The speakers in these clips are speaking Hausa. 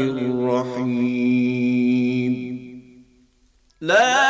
الرحيم لا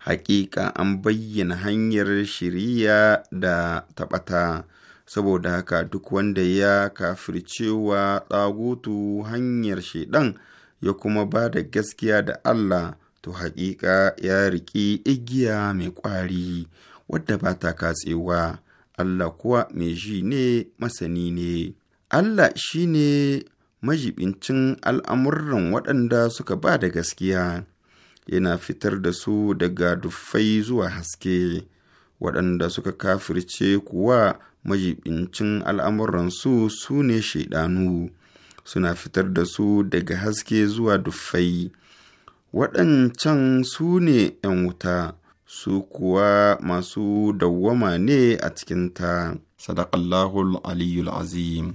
hakika an bayyana hanyar shiriya da taɓata saboda haka duk wanda ya cewa tsagutu hanyar shaidan ya kuma ba da gaskiya da Allah to hakika ya riƙi igiya mai ƙwari wadda ba ta katsewa Allah kuwa mai ji ne masani ne Allah shi ne majibincin al'amuran waɗanda suka ba da gaskiya yana fitar da su daga dufai zuwa haske waɗanda suka kafirce kuwa majibincin al'amuransu su ne shaidanu suna fitar da su daga haske zuwa dufai. waɗancan su ne ‘yan wuta su kuwa masu dawwama ne a cikinta sadaƙallahul aliyul azim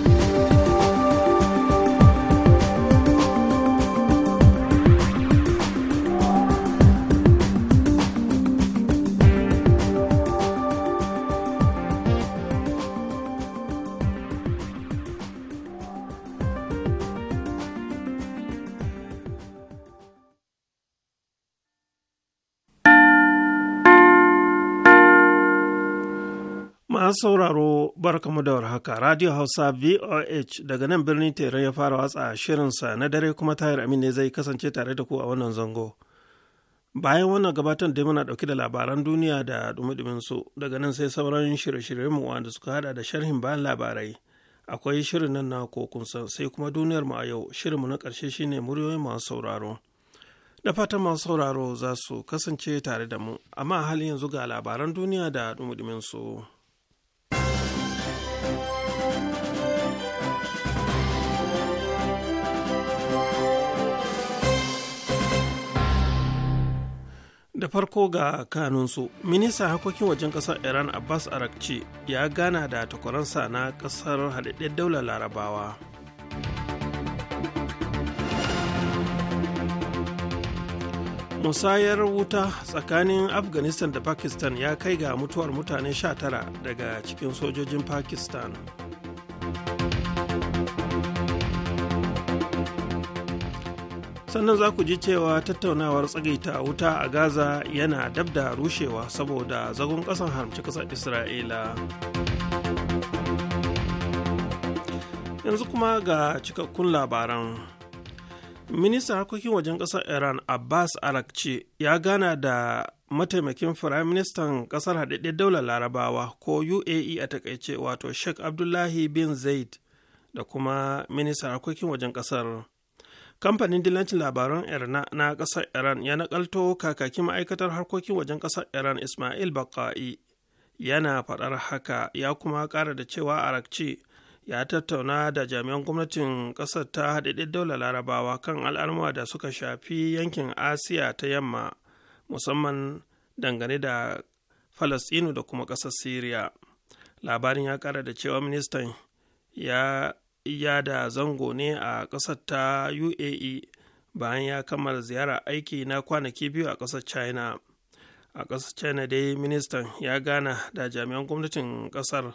masu sauraro barkamu da warhaka radio hausa voh daga nan birnin teran ya fara watsa shirinsa na dare kuma tayar amin ne zai kasance tare da ku a wannan zango bayan wannan gabatar da muna dauke da labaran duniya da dumi su daga nan sai sauran shirye shiryen mu wanda suka hada da sharhin bayan labarai akwai shirin nan na kokun san sai kuma duniyar mu a yau shirin mu na karshe shine muryoyin masu sauraro da fatan masu sauraro za su kasance tare da mu amma halin yanzu ga labaran duniya da dumi su. da farko ga kanunsu ministan harkokin wajen kasar iran abbas arakci ya gana da takwaransa na kasar haɗaɗɗen daular larabawa musayar wuta tsakanin afghanistan da pakistan ya kai ga mutuwar mutane 19 daga cikin sojojin pakistan sannan za ku ji cewa tattaunawar tsagaita wuta a gaza yana dab da rushewa saboda zagon ƙasan haramci ƙasar isra'ila yanzu kuma ga cikakkun labaran ministan harkokin wajen ƙasar iran abbas arakci ya gana da mataimakin ministan ƙasar haɗaɗɗen daular larabawa ko uae a takaice wato sheikh abdullahi bin zaid da kuma ministan harkokin wajen ƙasar kamfanin dillancin labaran irna na ƙasar iran ya nakalto kakakin ma'aikatar harkokin wajen ƙasar iran ismail baka'i yana faɗar haka ya kuma ƙara da cewa arakci ya tattauna da jami'an gwamnatin ƙasar ta haɗaɗɗen daular larabawa kan al'amura da suka shafi yankin asiya ta yamma musamman dangane da falastinu da kuma ƙasar syria labarin ya ƙara da cewa ministan ya iya da zango ne a ƙasar ta uae bayan ya kammala ziyara aiki na kwanaki biyu a ƙasar china a ƙasar china dai ministan ya gana da jami'an gwamnatin ƙasar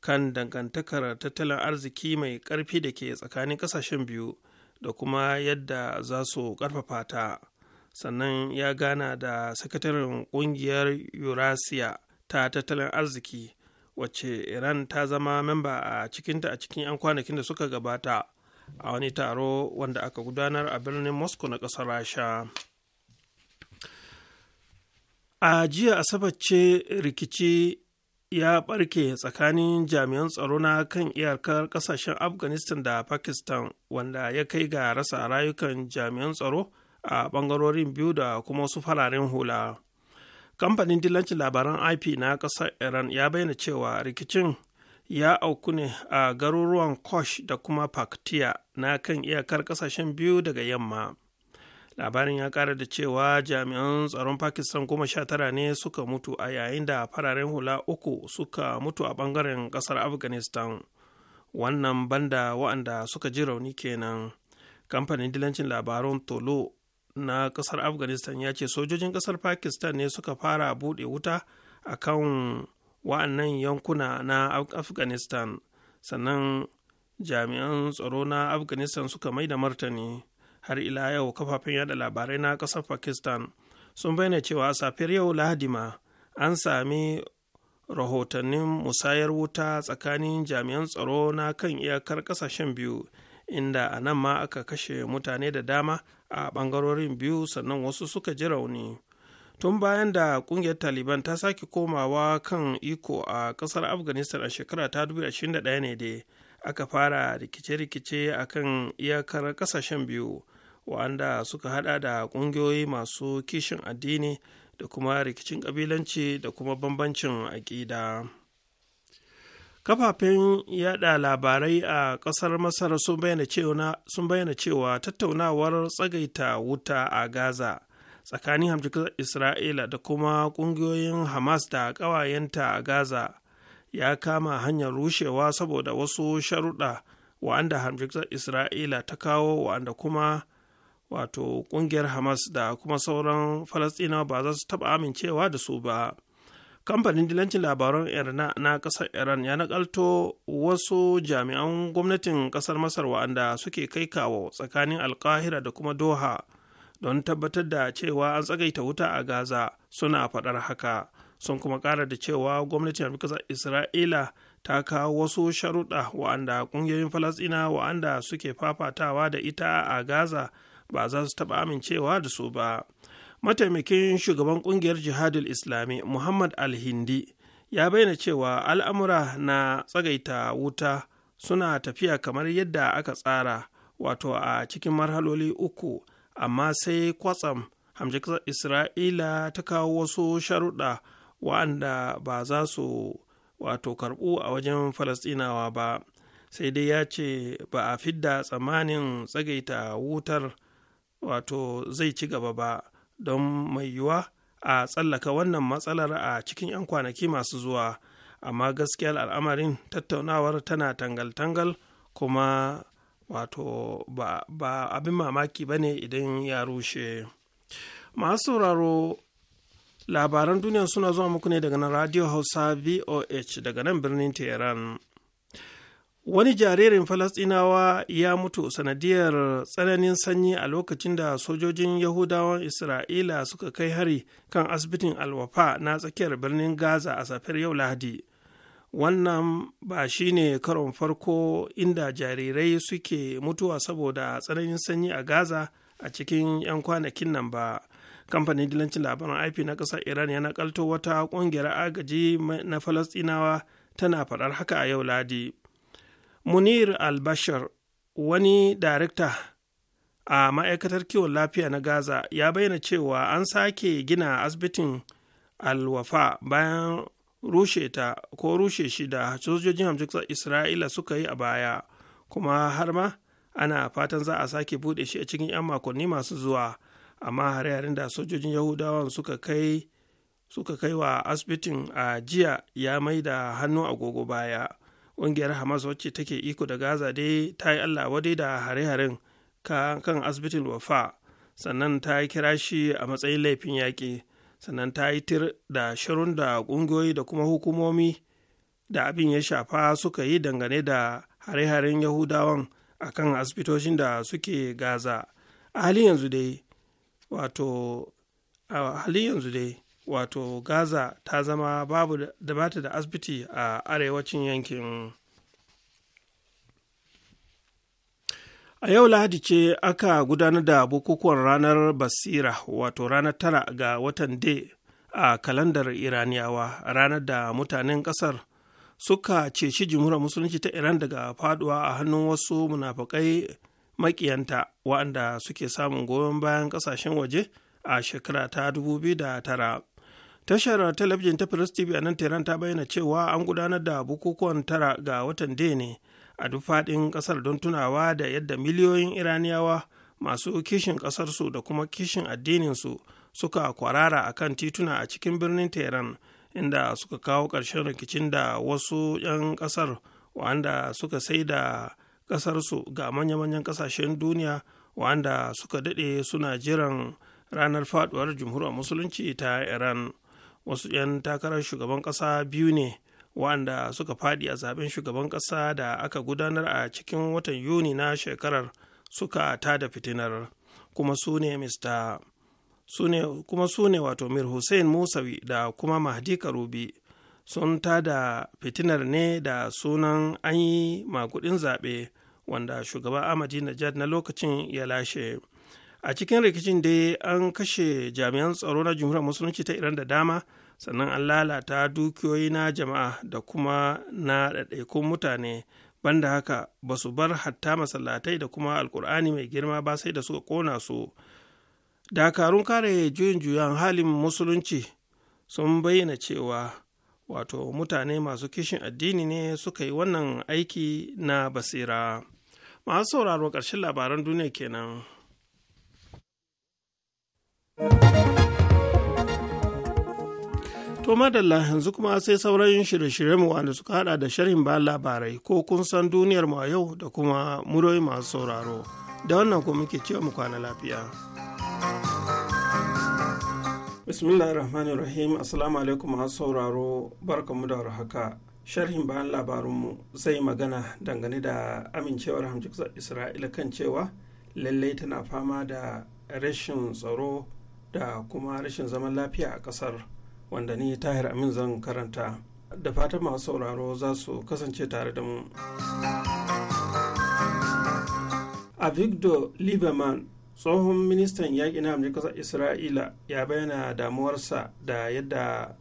kan dangantakar tattalin arziki mai ƙarfi da ke tsakanin ƙasashen biyu da kuma yadda za su ƙarfafa ta sannan ya gana da sakataren ƙungiyar eurasia ta tattalin arziki wacce iran ta zama memba a cikinta a cikin 'yan kwanakin da suka gabata a wani taro wanda aka gudanar a birnin moscow na kasar rasha a jiya asabar ce rikici ya barke tsakanin jami'an tsaro na kan iyakar kasashen afghanistan da pakistan wanda ya kai ga rasa rayukan jami'an tsaro a bangarorin biyu da kuma wasu fararen hula kamfanin dillancin labaran ip na kasar iran ya bayyana cewa rikicin ya auku ne a garuruwan kosh da kuma paktiya na kan iyakar kasashen biyu daga yamma labarin ya kara da cewa jami'an tsaron pakistan goma sha tara ne suka mutu a yayin da fararen hula uku suka mutu a bangaren kasar afghanistan wannan banda wa'anda suka ji rauni kenan kamfanin dilancin labarun tolo na kasar afghanistan ya ce sojojin kasar pakistan ne suka fara bude wuta a kan wa'annan yankuna na afghanistan sannan jami'an tsaro na afghanistan suka mai da martani har ila yau kafafen yada labarai na kasar pakistan sun bayyana cewa safiyar yau lahadi ma an sami rahotannin musayar wuta tsakanin jami'an tsaro na kan iyakar kasashen biyu inda a nan ma aka kashe mutane da dama a ɓangarorin biyu sannan wasu suka ji rauni tun bayan da kungiyar taliban ta sake komawa kan iko a ƙasar afghanistan a shekara ta 2021 ne dai aka fara rikice-rikice a kan iyakar ƙasashen biyu wanda suka hada da ƙungiyoyi masu kishin addini da kuma rikicin ƙabilanci da kuma bambancin aƙida. kafafen yada labarai a ƙasar masar sun bayyana cewa tattaunawar tsagaita wuta a gaza tsakanin hamjikar isra'ila da kuma ƙungiyoyin hamas da ƙawayenta a gaza ya kama hanyar rushewa saboda wasu sharuɗa wa'anda hamjikar isra'ila ta kawo wa'anda kuma wato ƙungiyar hamas da kuma sauran falasɗinawa ba za su taɓa amincewa da su ba kamfanin dilancin labaran irna na ƙasar iran ya nakalto wasu jami'an gwamnatin ƙasar masar wa'anda suke kai kawo tsakanin alkahira da kuma doha don tabbatar da cewa an tsagaita wuta a gaza suna faɗar haka sun kuma ƙara da cewa gwamnatin ƙasar isra'ila ta kawo wasu sharuɗa wa'anda ƙungiyoyin Falasina wa'anda suke fafatawa da ita a gaza ba za su taɓa amincewa da su ba. mataimakin shugaban kungiyar jihadul islami muhammad al-hindi ya bayyana cewa al'amura na tsagaita wuta suna tafiya kamar yadda aka tsara wato a cikin marhaloli uku amma sai kwatsam hamjikar isra'ila ta kawo wasu sharuɗa wa'anda ba za su wato karɓu a wajen Falasɗinawa ba sai dai ya ce ba a fidda tsamanin tsagaita wutar wato zai ci gaba ba don mai yiwuwa a tsallaka wannan matsalar a cikin 'yan kwanaki masu zuwa amma gaskiyar al'amarin tattaunawar tana tangal-tangal kuma wato ba, ba abin mamaki ba ne idan ya rushe masu sauraro labaran duniya suna zuwa muku ne daga nan radio hausa voh daga nan birnin Tehran. wani jaririn falasɗinawa ya mutu sanadiyar tsananin sanyi a lokacin da sojojin yahudawan isra'ila suka kai hari kan asibitin alwafa na tsakiyar birnin gaza a safiyar yau lahadi wannan ba shi ne karon farko inda jarirai suke mutuwa saboda tsananin sanyi a gaza a cikin 'yan kwanakin nan ba kamfanin dilancin labaran ip na ƙasar iran ya nakalto wata ƙungiyar agaji na falasɗinawa tana faɗar haka a yau lahadi munir al-bashir wani darekta a ma'aikatar kiwon lafiya na gaza ya bayyana cewa an sake gina asibitin alwafa bayan rushe ta ko rushe shi da sojojin hamjiksa isra'ila suka yi a baya kuma har ma ana fatan za a sake bude shi a cikin 'yan makonni masu zuwa amma hare yarin da sojojin yahudawan suka kai suka kai wa asibitin a jiya ya mai da hannu agogo baya ƙungiyar hamas wacce take iko da gaza dai ta yi allah wadai da hare-haren kan asibitin wafa sannan ta kira shi a matsayin laifin yaƙi sannan ta yi tir da shirun da ƙungiyoyi da kuma hukumomi da abin ya shafa suka yi dangane da hare-haren yahudawan a kan asibitocin da suke gaza a halin yanzu dai wato a halin yanzu dai wato gaza ta zama babu da bata da asibiti a arewacin yankin a yau lahadi ce aka gudanar da bukukuwan ranar basira wato ranar tara ga watan de a kalandar iraniyawa ranar da mutanen kasar suka ceci jimhuriyar musulunci ta iran daga faduwa a hannun wasu munafakai makiyanta waɗanda suke samun goyon bayan ƙasashen waje a shekara ta 2009 Tashar talabijin ta Firis TV a nan Tehran ta bayyana cewa an gudanar da bukukuwan tara ga watan Dene a duk faɗin ƙasar don tunawa da yadda miliyoyin Iraniyawa masu kishin ƙasarsu da kuma kishin addininsu suka kwarara a kan tituna a cikin birnin Tehran inda suka kawo ƙarshen rikicin da wasu 'yan ƙasar wanda suka sai da ƙasarsu ga manya-manyan ƙasashen duniya wanda suka daɗe suna jiran ranar faɗuwar jumhuriyar musulunci ta Iran. wasu 'yan takarar shugaban ƙasa biyu ne waɗanda suka faɗi a zaben shugaban ƙasa da aka gudanar a cikin watan yuni na shekarar suka tada fitinar kuma su ne Sune, kuma su ne wato mir hussein musawi da kuma mahdi karubi sun tada fitinar ne da sunan an yi makudin zaɓe wanda shugaba ahmadi najad na lokacin ya lashe a cikin rikicin dai an kashe jami'an tsaro na jumhuriyar musulunci ta iran da dama sannan an lalata dukiyoyi na jama'a da kuma na ɗaiɗaikun mutane banda haka ba su bar hatta masallatai da kuma alkur'ani mai girma ba sai da suka kona su dakarun kare juyin juyan halin musulunci sun bayyana cewa wato mutane masu kishin addini ne suka yi wannan aiki na basira masu sauraro ƙarshen labaran duniya kenan. To madalla yanzu kuma sai sauran shirye-shiryenmu wanda suka hada da sharhin ba labarai ko kun san duniyar mu a yau da kuma muryoyi masu sauraro da wannan ko muke cewa mu kwana lafiya. Bismillahir Rahmanir Rahim Assalamu alaikum masu sauraro barkamu da warhaka. Sharhin bayan labarunmu zai magana dangane da amincewar hamjiksa Isra'ila kan cewa lallai tana fama da rashin tsaro da kuma rashin zaman lafiya a kasar wanda ni tahir amin zan karanta da fatan masu sauraro za su kasance tare da mu a lieberman tsohon ministan yaƙi na amurka isra'ila ya bayyana damuwarsa da yadda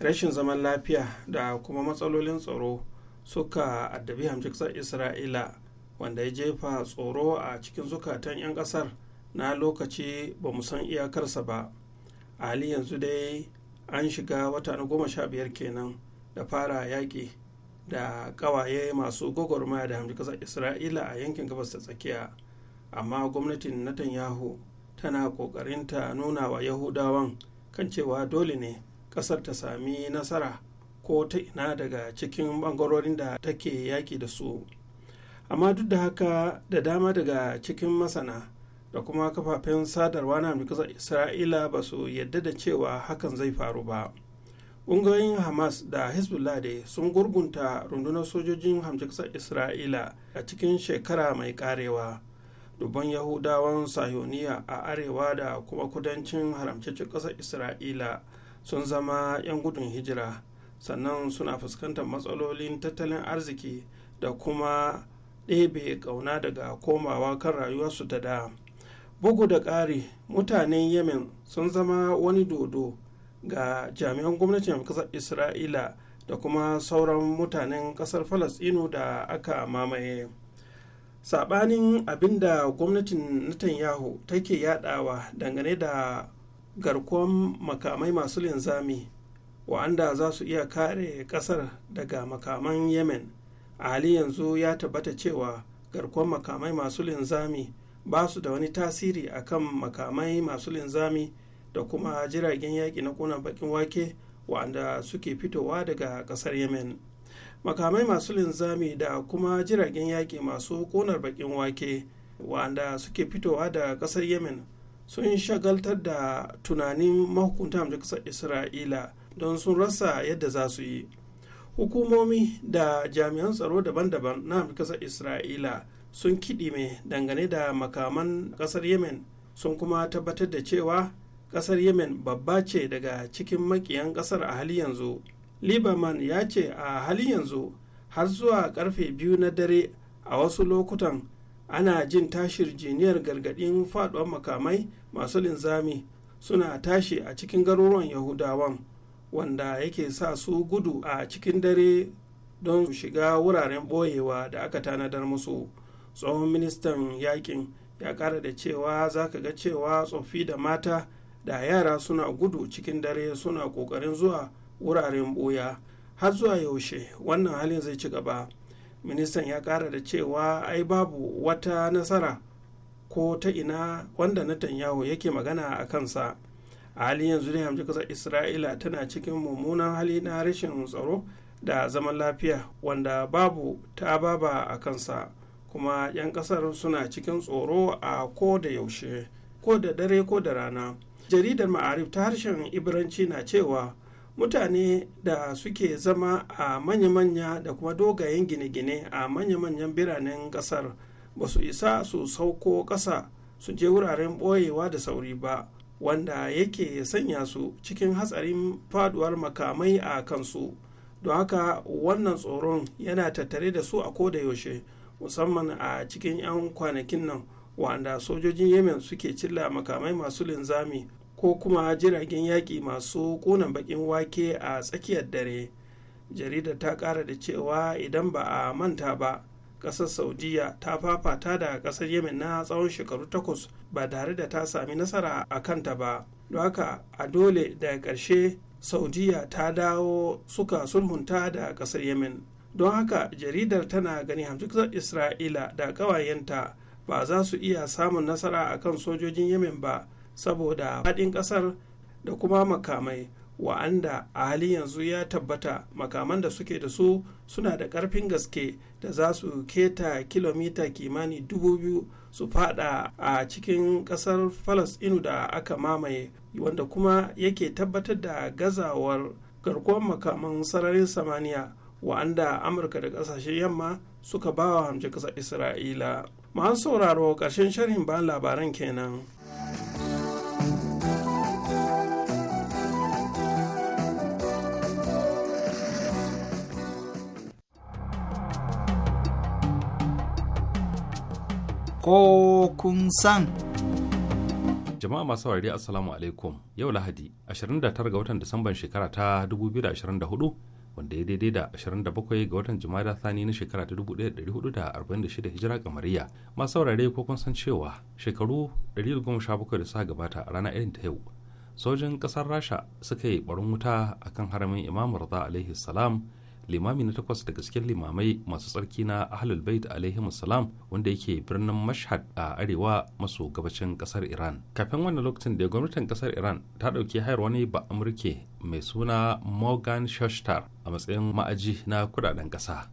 rashin zaman lafiya da kuma matsalolin tsaro suka addabi hamshin ƙasar isra'ila wanda ya jefa tsoro a cikin zukatan 'yan kasar. na lokaci ba mu san iyakarsa ba Ali yanzu dai an shiga wata na goma sha biyar kenan da fara yaƙi da ƙawaye masu gwagwarmaya da hamdi ƙasar isra'ila a yankin gabas ta tsakiya amma gwamnatin netanyahu tana ƙoƙarin ta nuna wa yahudawan kan cewa dole ne ƙasar ta sami nasara ko ta ina daga cikin ɓangarorin da take yaƙi da su amma duk da haka da dama daga cikin masana da kuma kafafen sadarwa na amurka isra'ila ba su yadda da cewa hakan zai faru ba ƙungiyoyin hamas da hezbollah da sun gurgunta rundunar sojojin hamjakasar isra'ila a cikin shekara mai karewa dubban yahudawan sayoniya a arewa da kuma kudancin haramcaccen ƙasar isra'ila sun zama 'yan gudun hijira sannan suna fuskantar matsalolin tattalin arziki da kuma ɗebe ƙauna daga komawa kan rayuwarsu ta da bugu da ƙari mutanen yemen sun zama wani dodo ga jami'an gwamnatin kasar isra'ila da kuma sauran mutanen ƙasar falasɗinu da aka mamaye saɓanin abinda gwamnatin netanyahu take yadawa dangane da garkuwan makamai masu linzami wa'anda za su iya kare kasar daga makaman yemen a hali yanzu ya tabbata cewa garkuwan makamai masu linzami ba su da wani tasiri a kan makamai masu linzami da kuma jiragen yaƙi na ƙunan baƙin wake wa'anda suke fitowa daga ƙasar yemen makamai masu linzami da kuma jiragen yaƙi masu ƙunar baƙin wake wa'anda suke fitowa da ƙasar yemen sun shagaltar da tunanin mahukunta hamshin isra'ila don sun rasa yadda za su yi hukumomi da jami'an tsaro daban-daban na ƙasar isra'ila sun kiɗi mai dangane da makaman ƙasar yemen sun kuma tabbatar da cewa ƙasar yemen babba ce daga cikin makiyan ƙasar a hali yanzu liberman ya ce a halin yanzu har zuwa karfe biyu na dare a wasu lokutan ana jin tashir jiniyar gargaɗin faɗuwar makamai masu linzami suna tashi a cikin garuruwan yahudawan wanda yake sa su gudu a cikin dare don shiga wuraren ɓoyewa da aka tanadar musu tsohon ministan yakin ya kara da cewa za ka ga cewa tsofi da mata da yara suna gudu cikin dare suna kokarin zuwa wuraren boya har zuwa yaushe wannan halin zai ci gaba ministan ya kara da cewa ai babu wata nasara ko ta ina wanda na Netanyahu yake magana a kansa a halin yanzu ne hamji kasar isra'ila tana cikin mummunan hali na rashin tsaro da zaman lafiya wanda babu ta baba a kansa kuma 'yan kasar suna cikin tsoro a ko da yaushe ko da dare ko da rana jaridar ma'arif ta harshen Ibranci na cewa mutane da suke zama a manya-manya da kuma dogayen gine-gine a manya-manyan biranen kasar ba su isa su sauko ƙasa su je wuraren boyewa da sauri ba wanda yake sanya su cikin hatsarin faduwar makamai a kansu don haka wannan tsoron yana tattare da su a koda yaushe musamman a cikin 'yan kwanakin nan wanda sojojin yemen suke cilla makamai masu linzami ko kuma jiragen yaƙi masu ƙunan baƙin wake a tsakiyar dare jaridar ta ƙara da cewa idan ba a manta ba ƙasar saudiya ta fafata da ƙasar yemen na tsawon shekaru takwas ba tare da ta sami nasara a kanta ba don haka a dole daga ƙarshe saudiya ta dawo suka sulhunta da ƙasar yemen don haka jaridar tana gani hamsar isra'ila da ƙawayenta ba za su iya samun nasara a kan sojojin yemen ba saboda faɗin ƙasar da kuma makamai wa'anda a halin yanzu ya tabbata makaman da suke da su suna da ƙarfin gaske da za su keta kilomita kimani dubu biyu su fada a cikin ƙasar inu da aka mamaye wanda kuma yake tabbatar da gazawar garkuwar makaman sararin samaniya wanda amurka da kasashen yamma suka ba wa hamshe kasa isra'ila masu sauraro ƙarshen sharhin bayan labaran kenan ko kun san jama'a masu saurari assalamu alaikum yau lahadi 29 ga watan disamban shekara ta 2024 wanda ya daidai da 27 ga watan jumada thani na shekara ta 1446 hijira kamariya masu saurare ko kun san cewa shekaru 117 da suka gabata a rana irin ta yau sojin kasar rasha suka yi barin wuta akan haramin imam rada alaihi salam limami na takwas daga cikin limamai masu tsarki na ahlul bait alaihi salam wanda yake birnin mashhad a arewa maso gabashin kasar iran kafin wannan lokacin da gwamnatin kasar iran ta dauki hayar wani ba amurke mai suna morgan shashtar a matsayin ma'aji na kudaden kasa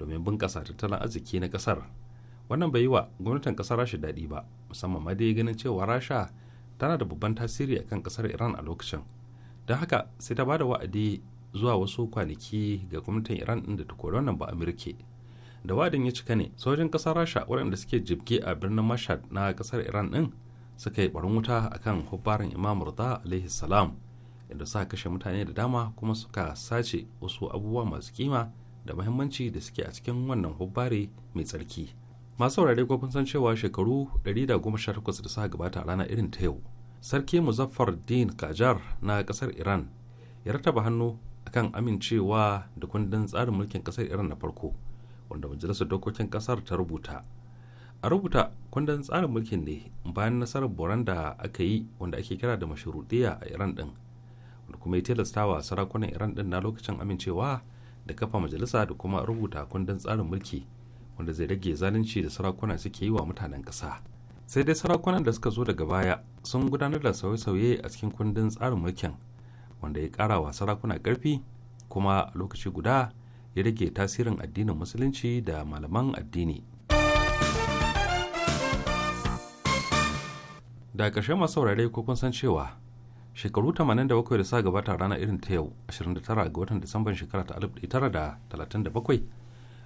domin bunkasa tattalin arziki na kasar wannan bai yi wa gwamnatin kasar rasha daɗi ba musamman ma dai ganin cewa rasha tana da babban tasiri akan kasar iran a lokacin don haka sai ta ba da wa'adi zuwa wasu kwanaki ga gwamnatin iran inda da ta kori wannan ba amurke da wadin ya cika ne sojin kasar rasha waɗanda suke jibge a birnin mashad na kasar iran din suka yi barin wuta akan hubbarin imam rida alaihi salam inda suka kashe mutane da dama kuma suka sace wasu abubuwa masu kima da muhimmanci da suke a cikin wannan hubbari mai tsarki masu saurare ko kun san cewa shekaru 118 da suka gabata a rana irin ta yau sarki muzaffar din kajar na kasar iran ya rataba hannu akan amincewa da kundin tsarin mulkin kasar iran na farko wanda majalisar dokokin kasar ta rubuta a rubuta kundin tsarin mulkin ne bayan nasarar boran da aka yi wanda ake kira da mashruɗiya a iran din wanda kuma ya tilastawa sarakunan iran din na lokacin amincewa da kafa majalisa da kuma rubuta kundin tsarin mulki wanda zai rage zalunci da sarakuna suke yi wa mutanen ƙasa sai dai sarakunan da suka zo daga baya sun gudanar da sauye-sauye a cikin kundin tsarin mulkin wanda ya kara wa sarakuna karfi kuma a lokaci guda ya rage tasirin addinin musulunci da malaman addini da ƙarshe masu saurare ko kun san cewa shekaru 87 da sa gabata rana irin ta yau 29 ga watan disamban shekara ta 1937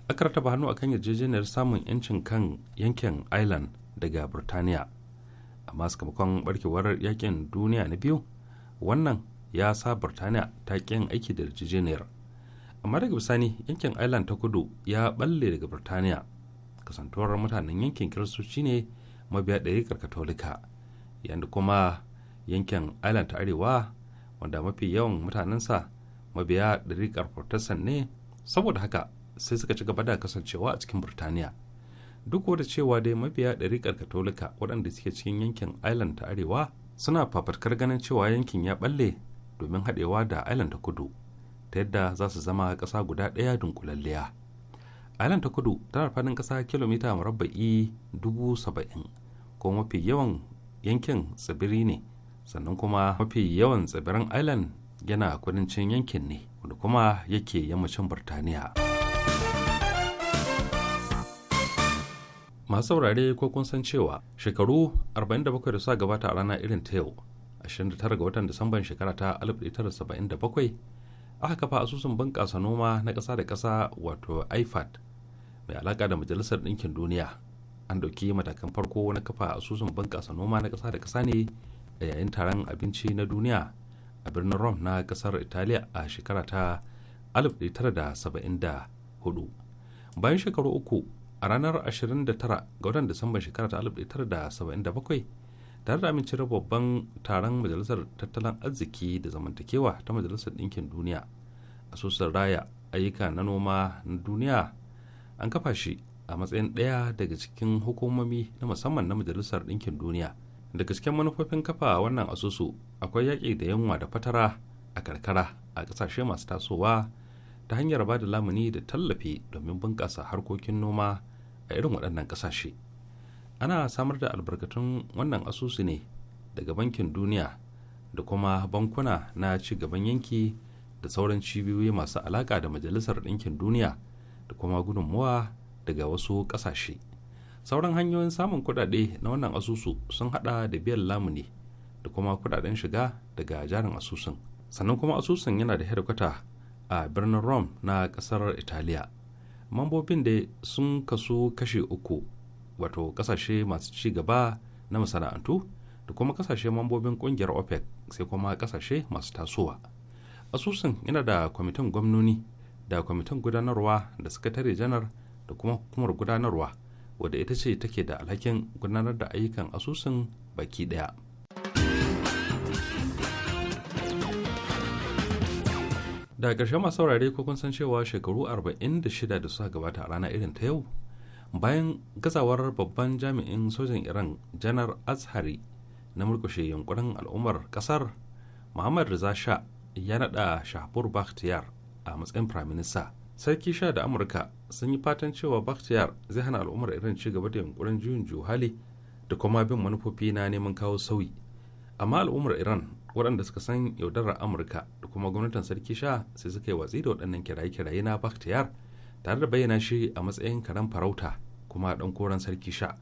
aka rataba hannu akan yarjejeniyar samun yancin kan yankin island daga birtaniya amma sakamakon barkewar yakin duniya na biyu wannan ya sa burtaniya ta ƙin aiki da yarjejeniyar amma daga bisani yankin island ta kudu ya balle daga burtaniya kasantuwar mutanen yankin kiristoci ne mabiya ɗarikar katolika yadda kuma yankin island ta arewa wanda mafi yawan mutanensa mabiya ɗari protestant ne saboda haka sai suka ci gaba da kasancewa a cikin burtaniya duk wata cewa dai mabiya ɗarikar katolika waɗanda suke cikin yankin island ta arewa suna fafatkar ganin cewa yankin ya balle. domin haɗewa da Island ta kudu ta yadda za su zama ƙasa guda ɗaya dunkulalliya. Island ta kudu tana faɗin ƙasa kilomita murabba'i dubu saba'in ko mafi yawan yankin tsibiri ne sannan kuma mafi yawan tsibirin Island yana kudancin yankin ne wanda kuma yake yammacin Burtaniya. masu saurare ko kun san cewa shekaru 47 da suka gabata a rana irin ta yau 29 ga watan Disamban shekara ta 1977 aka kafa asusun bunƙasa noma na ƙasa da ƙasa wato ifad mai alaƙa da majalisar ɗinkin duniya an ɗauki matakan farko na kafa asusun bunƙasa noma na ƙasa da ƙasa ne a yayin taron abinci na duniya a birnin rome na ƙasar italiya a shekara ta 1974 bayan shekaru uku a ranar 29 ga watan disamban shekara ta 1977 tare da amincewar babban taron majalisar tattalin arziki da zamantakewa ta majalisar ɗinkin duniya asusun raya ayyuka na noma na duniya an kafa shi a matsayin ɗaya daga cikin hukumomi na musamman na majalisar ɗinkin duniya daga cikin manufofin kafa wannan asusu akwai yaƙi da yunwa da fatara a karkara a ƙasashe masu tasowa ta hanyar ba da lamuni da tallafi domin bunƙasa harkokin noma a irin waɗannan ƙasashe. ana samar da albarkatun wannan asusu ne daga bankin duniya da kuma bankuna na ci gaban yanki da sauran cibiyoyi masu alaƙa da majalisar ɗinkin duniya da kuma gudunmuwa daga wasu ƙasashe sauran hanyoyin samun kuɗaɗe na wannan asusu sun haɗa da biyan lamuni da kuma kuɗaɗen shiga daga jarin asusun sannan kuma asusun yana da hedikwata a birnin rome na ƙasar italiya mambobin da sun kasu kashe uku wato kasashe masu ci gaba na masana'antu da kuma kasashe mambobin kungiyar opec sai kuma kasashe masu tasowa asusun yana da kwamitin gwamnoni da kwamitin gudanarwa da sakatare janar da kuma hukumar gudanarwa wadda ita ce take da alhakin gudanar da ayyukan asusun baki daya da ƙarshen masu saurare ko kun san cewa shekaru 46 da suka gabata a rana irin ta yau bayan gazawar babban jami'in sojan iran janar azhari na murkushe yankunan al'ummar kasar muhammad reza sha ya nada shahbur bakhtiyar a matsayin firaminista sarki sha da amurka sun yi fatan cewa bakhtiyar zai hana al'ummar iran ci gaba da yankunan juyin juhali da kuma bin manufofi na neman kawo sauyi amma al'ummar iran waɗanda suka san yaudarar amurka da kuma gwamnatin sarki sha sai suka yi watsi da waɗannan kiraye-kiraye na bakhtiyar tare da bayyana shi a matsayin karen farauta kuma ɗan koren sarki sha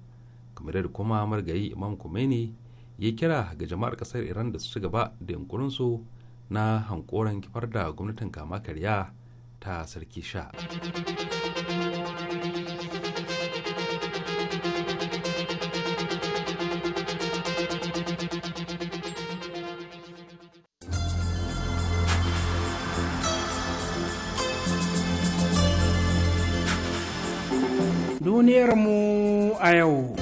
kamar da kuma margayi imam kumeni ya kira ga jama'ar ƙasar iran da su ci gaba da yunkurinsu na hankoran kifar da gwamnatin kama karya ta sarki sha mu a yau.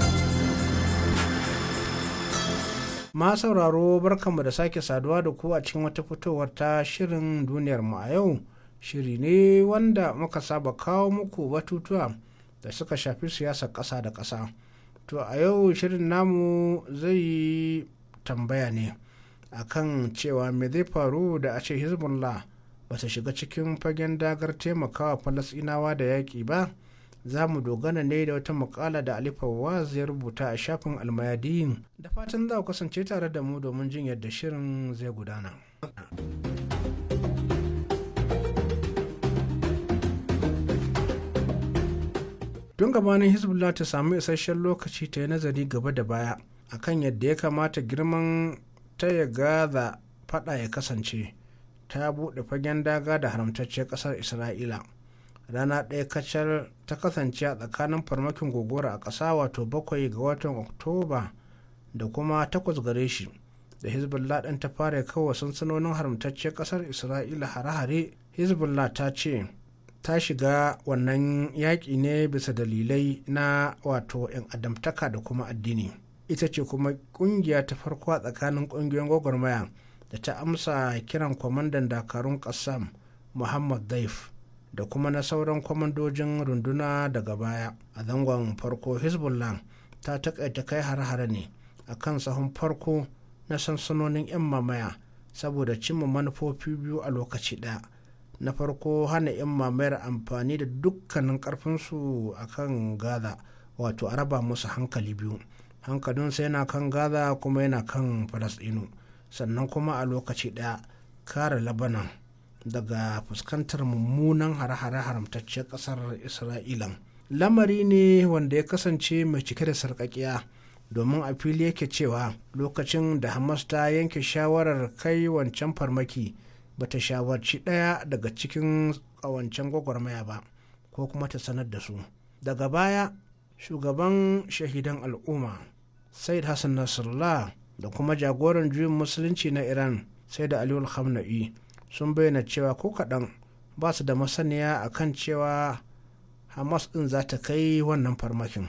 Ma sauraro barkanmu da sake saduwa da ku a cikin wata fitowar ta shirin duniyar mu a yau. Shiri ne wanda muka saba kawo muku batutuwa da suka shafi siyasar ƙasa da ƙasa. To a yau shirin namu zai yi tambaya ne a kan cewa me zai faru da a ce Hezbollah ba ta shiga cikin fagen dagar taimakawa Falasɗinawa da yaƙi ba. za mu dogana ne da wata makala da alifa waz ya rubuta a shafin almayadin da fatan za ku kasance tare da mu domin jin yadda shirin zai gudana tun gabanin hezbollah ta samu isasshen lokaci ta yi nazari gaba da baya akan yadda ya kamata girman ta ya gaza fada ya kasance ta buɗe fagen daga da haramtacciyar ƙasar isra'ila rana ɗaya kacal ta kasance a tsakanin farmakin gogora a ƙasa wato bakwai ga watan oktoba da kuma takwas gare shi da hezbollah ɗin ta fara kawo sansanonin haramtacciyar ƙasar isra'ila hare-hare hezbollah ta ce ta shiga wannan yaƙi ne bisa dalilai na wato 'yan adamtaka da kuma addini ita ce kuma ƙungiya ta farko a tsakanin ƙungiyoyin gwagwarmaya da ta amsa kiran kwamandan dakarun ƙasam muhammad daif da kuma na sauran kwamandojin runduna daga baya a zangon farko hezbollah ta takaita kai har-hare ne a kan sahun farko na sansanonin 'yan mamaya saboda cimma manufofi biyu a lokaci ɗaya na farko hana 'yan mamayar amfani da dukkanin ƙarfinsu a kan gaza wato a raba musu hankali biyu hankalinsa yana kan gaza kuma yana kan falasɗinu sannan kuma a lokaci ɗaya kare labanan daga fuskantar mummunan hare-hare haramtacciyar ƙasar isra'ila lamari ne wanda ya kasance mai cike da sarƙaƙiya domin a fili yake cewa lokacin da hamas ta yanke shawarar kai wancan farmaki ba ta shawarci ɗaya daga cikin ƙawancen gwagwarmaya ba ko kuma ta sanar da su daga baya shugaban shahidan al'umma said hassan nasrallah da kuma jagoran juyin musulunci na iran sai da aliyu sun bayyana cewa ko kaɗan ba su da masaniya a kan cewa hamas ɗin za ta kai wannan farmakin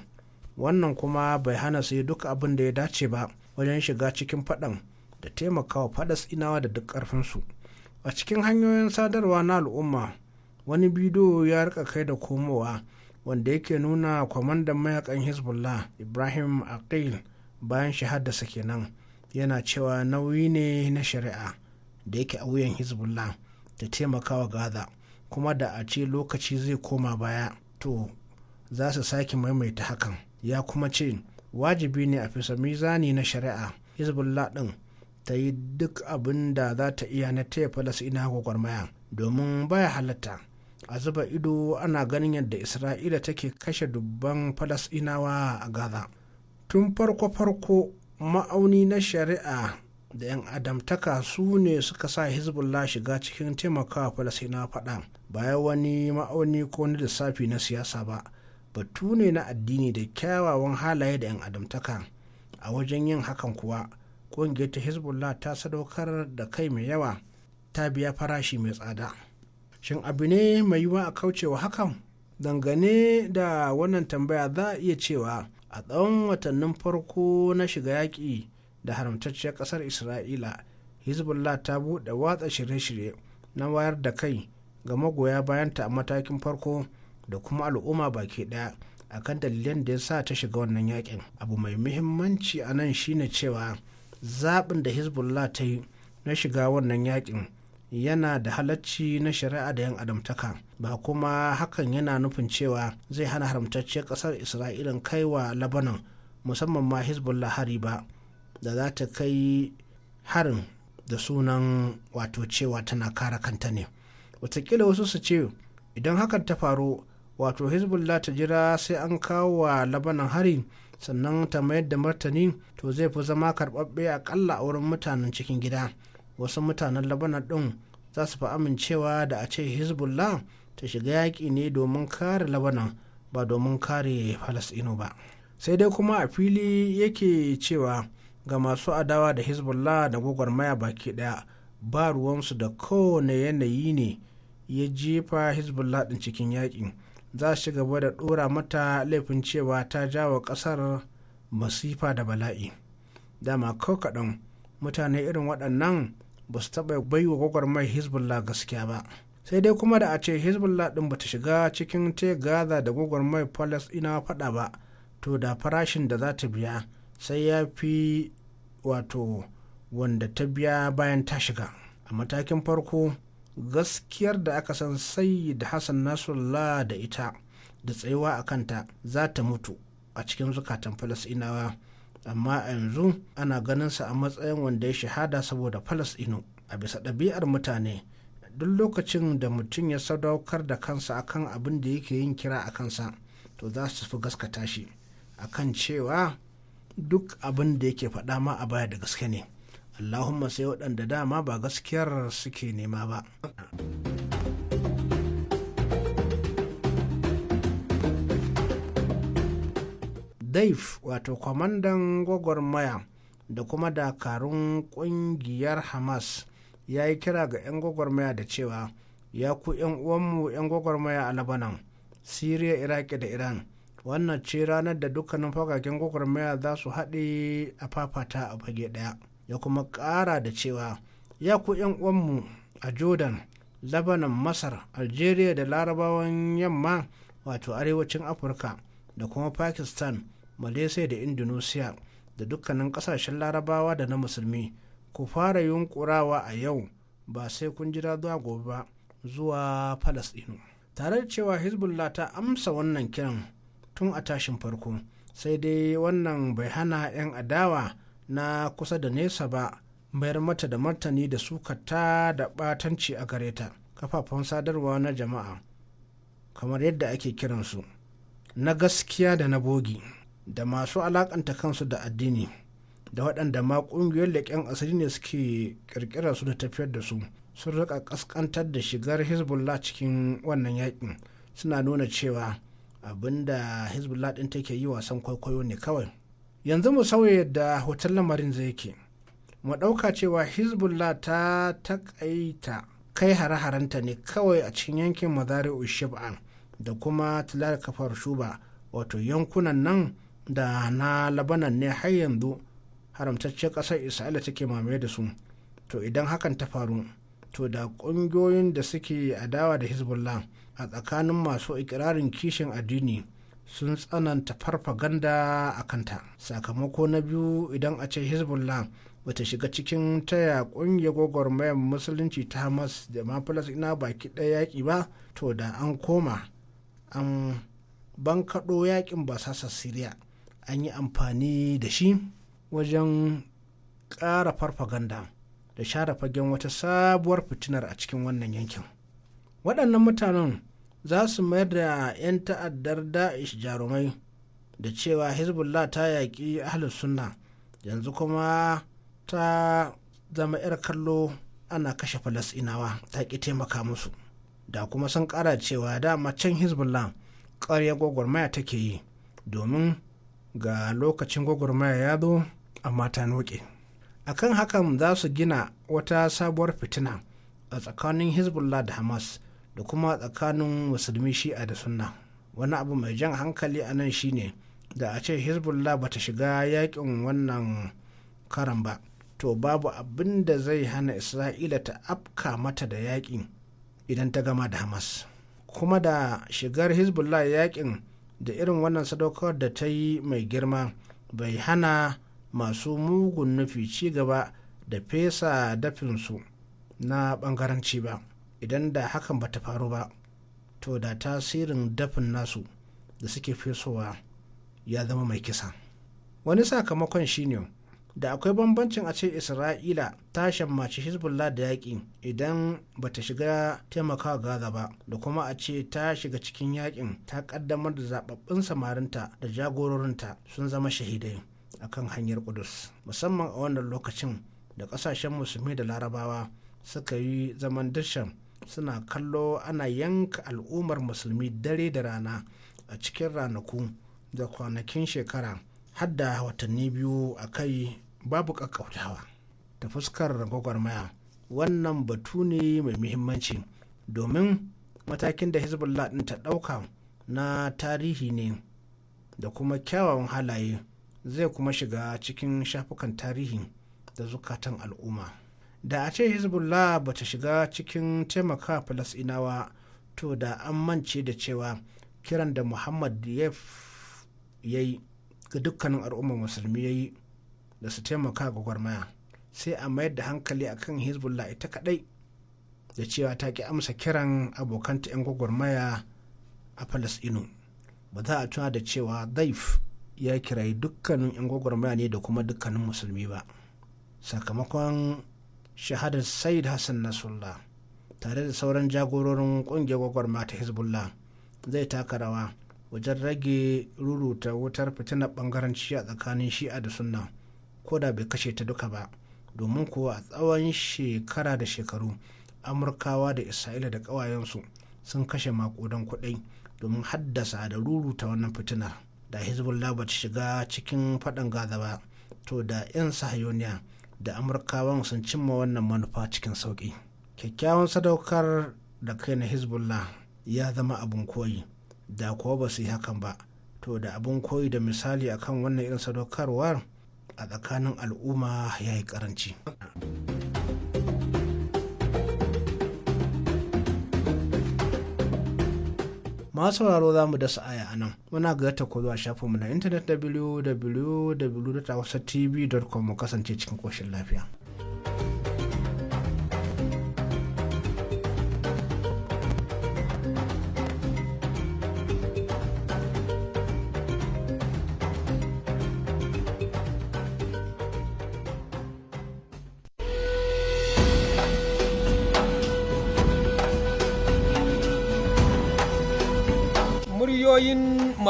wannan kuma bai hana su yi duk abin da ya dace ba wajen shiga cikin faɗan da taimakawa inawa da duk ƙarfinsu a cikin hanyoyin sadarwa na al'umma wani bidiyo ya rika kai da komowa wanda yake nuna kwamandan mayakan hezbollah ibrahim aqil bayan shahadarsa kenan yana cewa nauyi ne na shari'a da yake a wuyan hezbollah ta taimakawa gaza kuma da a ce lokaci zai koma baya to za su sake maimaita hakan ya kuma ce wajibi ne a fisa mizani na shari'a hezbollah din ta yi duk abin da za ta iya na taya falasina gwagwarmaya domin baya halatta a zuba ido ana ganin yadda isra'ila take kashe dubban falasinawa a gaza tun farko-farko ma'auni na shari'a da 'yan adamtaka su ne suka sa hezbollah shiga cikin taimakawa falasina faɗa bayan wani ma'auni ko wani lissafi na siyasa ba batu ne na addini da kyawawan halaye da 'yan adamtaka a wajen yin hakan kuwa ƙungiyar ta hezbollah ta sadaukar da kai mai yawa ta biya farashi mai tsada shin abu ne mai yiwa a kaucewa hakan dangane da wannan tambaya za a iya cewa a tsawon watannin farko na shiga yaƙi da haramtacciyar ƙasar isra'ila hezbollah ta buɗe watsa shirye-shirye na wayar da kai ga magoya bayanta a matakin farko da kuma al'umma baki ɗaya akan dalilan da ya sa ta shiga wannan yakin abu mai muhimmanci a nan shine cewa zaɓin da hezbollah ta yi na shiga wannan yakin yana da halacci na shari'a da yan adamtaka ba kuma hakan yana nufin cewa zai hana haramtacciyar ƙasar isra'ilan kaiwa labanan musamman ma hezbollah hari ba da za ta kai harin da sunan wato cewa tana kare kanta ne watakila wasu su ce idan hakan ta faru wato hezbollah ta jira sai an kawo wa labanan hari sannan ta mayar da martani to zai fi zama karɓaɓɓe akalla a wurin mutanen cikin gida wasu mutanen labanan ɗin za su fi amincewa da a ce hezbollah ta shiga yaƙi ne domin kare labanan ba domin kare falasɗinu ba sai dai kuma a fili yake cewa ga masu adawa da hezbollah da gwagwarmaya baki daya ba ruwansu da kowane yanayi ne ya jefa hezbollah din cikin yakin za su gaba da dora mata laifin cewa ta jawo kasar masifa da bala'i dama ko kaɗan mutane irin waɗannan ba su taɓa bai baiwa gwagwarmar hezbollah gaskiya ba sai dai kuma da a ce hezbollah ɗin ba ta shiga cikin te gaza da gwagwarmar palestina faɗa ba to da farashin da za ta biya sai ya fi wato wanda ta biya bayan ta shiga a matakin farko gaskiyar da aka san sai da hassan nasrullah da ita da tsayuwa a kanta za ta mutu a cikin zukatan falasinawa amma a yanzu ana ganinsa a matsayin wanda ya shahada saboda falasino a bisa ɗabi'ar mutane duk lokacin da mutum ya sadaukar da kansa akan abin da yake yin kira a kansa to za su fi gaskata shi akan cewa duk abin da yake faɗa ma a baya da gaske ne allahumma sai waɗanda dama ba gaskiyar suke nema ba daif wato kwamandan gwagwarmaya da kuma dakarun kungiyar hamas ya yi kira ga 'yan gwagwarmaya da cewa ya ku 'yan uwanmu 'yan gwagwarmaya a labanan syria iraki da iran wannan ce ranar da dukkanin fagagen gwagwarmaya za su haɗe a fafata a fage ɗaya ya kuma ƙara da cewa ya ku yan uwanmu a jordan labanan masar algeria da larabawan yamma wato arewacin afirka da kuma pakistan malaysia da indonesia da dukkanin kasashen larabawa da na musulmi ku fara yunkurawa a yau ba sai kun jira zuwa gobe ba zuwa palestino tare da cewa hezbollah ta amsa wannan kiran tun a tashin farko sai dai wannan bai hana 'yan adawa na kusa da nesa ba bayar mata da martani da ta da batanci a gare ta kafafen sadarwa na jama'a kamar yadda ake kiransu na gaskiya da na bogi da masu alakanta kansu da addini da waɗanda ma ƙungiyar leƙen asali ne suke ƙirƙirar su da tafiyar da su sun riƙa ƙasƙantar da shigar hezbollah cikin wannan yakin suna nuna cewa abinda hezbollah din take yi wasan kwaikwayo ne kawai yanzu mu sauya yadda hoton lamarin zai ke mu ɗauka cewa hezbollah ta takaita kai hare-harenta ne kawai a cikin yankin mazari shib'an da kuma tilar kafar shuba wato yankunan nan da na labanan ne har yanzu haramtacciyar ƙasar isra'ila take mamaye da su to idan hakan ta faru to da ƙungiyoyin da suke adawa da hezbollah a tsakanin masu ikirarin kishin addini sun tsananta farfaganda a kanta sakamako na biyu idan a ce hezbollah bata shiga cikin taya kungiyar gwagwarmayar musulunci ta hamas da ma ina baki ɗaya yaƙi ba to da an koma an bankaɗo yaƙin basasa siriya an yi amfani da shi wajen ƙara farfaganda da share fagen wata sabuwar fitinar a cikin wannan yankin waɗannan mutanen za su mayar da 'yan ta'addar da'ish jarumai da cewa hezbollah ta yaƙi ahlus sunna yanzu kuma ta zama 'yar kallo ana kashe falasinawa ta ƙi taimaka musu da kuma sun ƙara cewa da can hezbollah ƙarya gwagwarmaya take yi domin ga lokacin gwagwarmaya ya zo amma ta noke akan hakan za su gina wata sabuwar fitina a tsakanin hezbollah da hamas da kuma tsakanin musulmi shi'a da sunna wani abu mai jan hankali a nan shine da a ce hezbollah bata shiga yakin wannan karan ba to babu abin da zai hana isra'ila ta afka mata da yakin idan ta gama da hamas kuma da shigar hezbollah yakin da irin wannan sadaukar da ta yi mai girma bai hana masu mugun nufi ci gaba da fesa dafinsu na bangaranci ba idan da hakan bata faru ba to da tasirin dafin nasu da suke fesowa ya zama mai kisa wani sakamakon shine da akwai bambancin a ce isra'ila ta shammaci hezbollah da yaƙi idan ba ta shiga taimakawa gaza ba da kuma a ce ta shiga cikin yaƙin ta ƙaddamar da zaɓaɓɓun samarinta da jagororinta sun zama shahidai akan hanyar kudus musamman a wannan lokacin da ƙasashen musulmi da larabawa suka yi zaman dushan. suna kallo ana yanka al'ummar musulmi dare da rana a cikin ranaku da kwanakin shekara hadda watanni biyu a kai babu kakkautawa ta fuskar gwagwarmaya wannan batu ne mai muhimmanci domin matakin da hezbollah ɗin ta ɗauka na tarihi ne da kuma kyawawan halaye zai kuma shiga cikin shafukan tarihi da zukatan al'umma da a ce hezbollah ba ta shiga cikin taimaka falasinawa to da an mance da cewa kiran da muhammad ya yi ga dukkanin al'ummar musulmi ya yi da su taimaka gwagwarmaya sai a mayar da hankali akan hezbollah ita kadai da cewa ta ki amsa kiran abokanta 'yan gwagwarmaya a falasinu ba za a tuna da cewa daif ya kirayi dukkanin 'yan gwagwarmaya ne da kuma dukkanin musulmi ba sakamakon shahadar said hassan nasrullah tare da sauran jagororin kungiyar gwagwarmata ta hezbollah zai taka rawa wajen rage ruruta wutar fitinar bangaranci a tsakanin shi'a da sunna ko da bai kashe ta duka ba domin kuwa a tsawon shekara da shekaru amurkawa da isra'ila da ƙawayensu sun kashe makudan kuɗi domin haddasa da ruruta wannan fitinar da hezbollah ba shiga cikin faɗin gaza ba to da 'yan sahayoniya da amurkawa sun cimma wannan manufa cikin sauƙi kyakkyawan sadaukar da kai na hezbollah ya zama abin koyi da kuwa ba su yi hakan ba to da abin koyi da misali akan wannan irin sadaukarwar a tsakanin al'umma ya yi karanci. masu sauraro za mu dasa aya a nan muna ga ko zuwa mu na intanet www.hausatv.com mu kasance cikin koshin lafiya.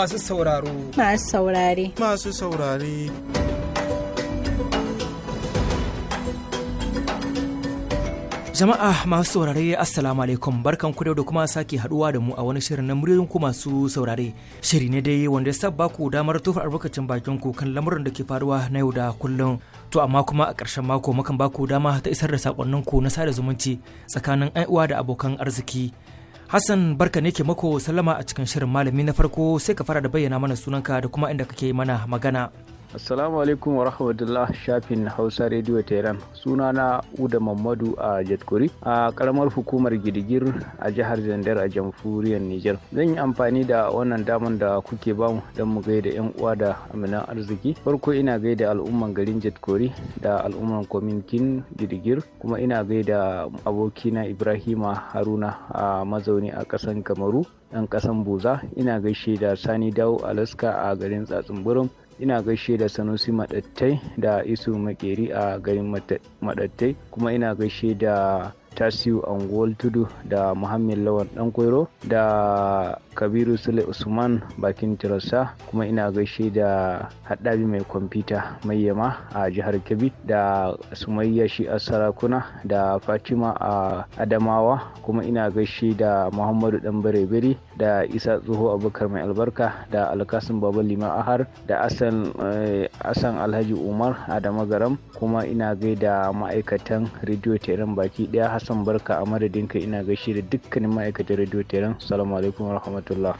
masu sauraro. Masu saurare. Masu saurare. Jama'a masu saurare Assalamu alaikum barkan ku da kuma sake haduwa da mu a wani shirin na muryoyin ku masu saurare. Shiri ne dai wanda ya sabba ku damar tofa albarkacin bakin ku kan lamurin da ke faruwa na yau da kullum. To amma kuma a karshen mako mukan baku dama ta isar da sakonnin ku na sada zumunci tsakanin ai'uwa da abokan arziki. Hassan barka ne ke mako sallama a cikin shirin malami na farko sai ka fara da bayyana mana sunanka da kuma inda kake mana magana. Assalamu alaikum wa rahmatullah shafin Hausa Radio Tehran. Suna na Uda Mamadu a Jatkuri a karamar hukumar Gidigir a jihar Zandar a jamhuriyar Nijar. Zan yi amfani da wannan daman da kuke bamu don mu gaida yan uwa da aminan arziki. Farko ina gaida al'umman garin Jatkuri da al'umman kwaminkin Gidigir kuma ina gaida abokina Ibrahima Haruna a mazauni a kasan Kamaru. ɗan ƙasan Buza ina gaishe da Sani Dawo Alaska a garin tsatsin burin. ina gaishe da sanusi madattai da isu makeri a garin madattai kuma ina gaishe da tasiu angol tudu da muhammed lawan dan da kabiru sule usman bakin tirasa kuma ina gaishe da haɗabi mai kwamfuta mai yama a jihar kebbi da sumayya shi a sarakuna da fatima a adamawa kuma ina gaishe da muhammadu dan birebiri da isa tsoho abubakar mai albarka da alkasin baba lima ahar da asan eh, alhaji umar adama garam kuma ina gai da ma'aikatan rediyo teran baki daya hassan barka a madadinka ina gaishe da dukkanin ma'aikatan rediyo teran salamu alaikum wa rahmatullah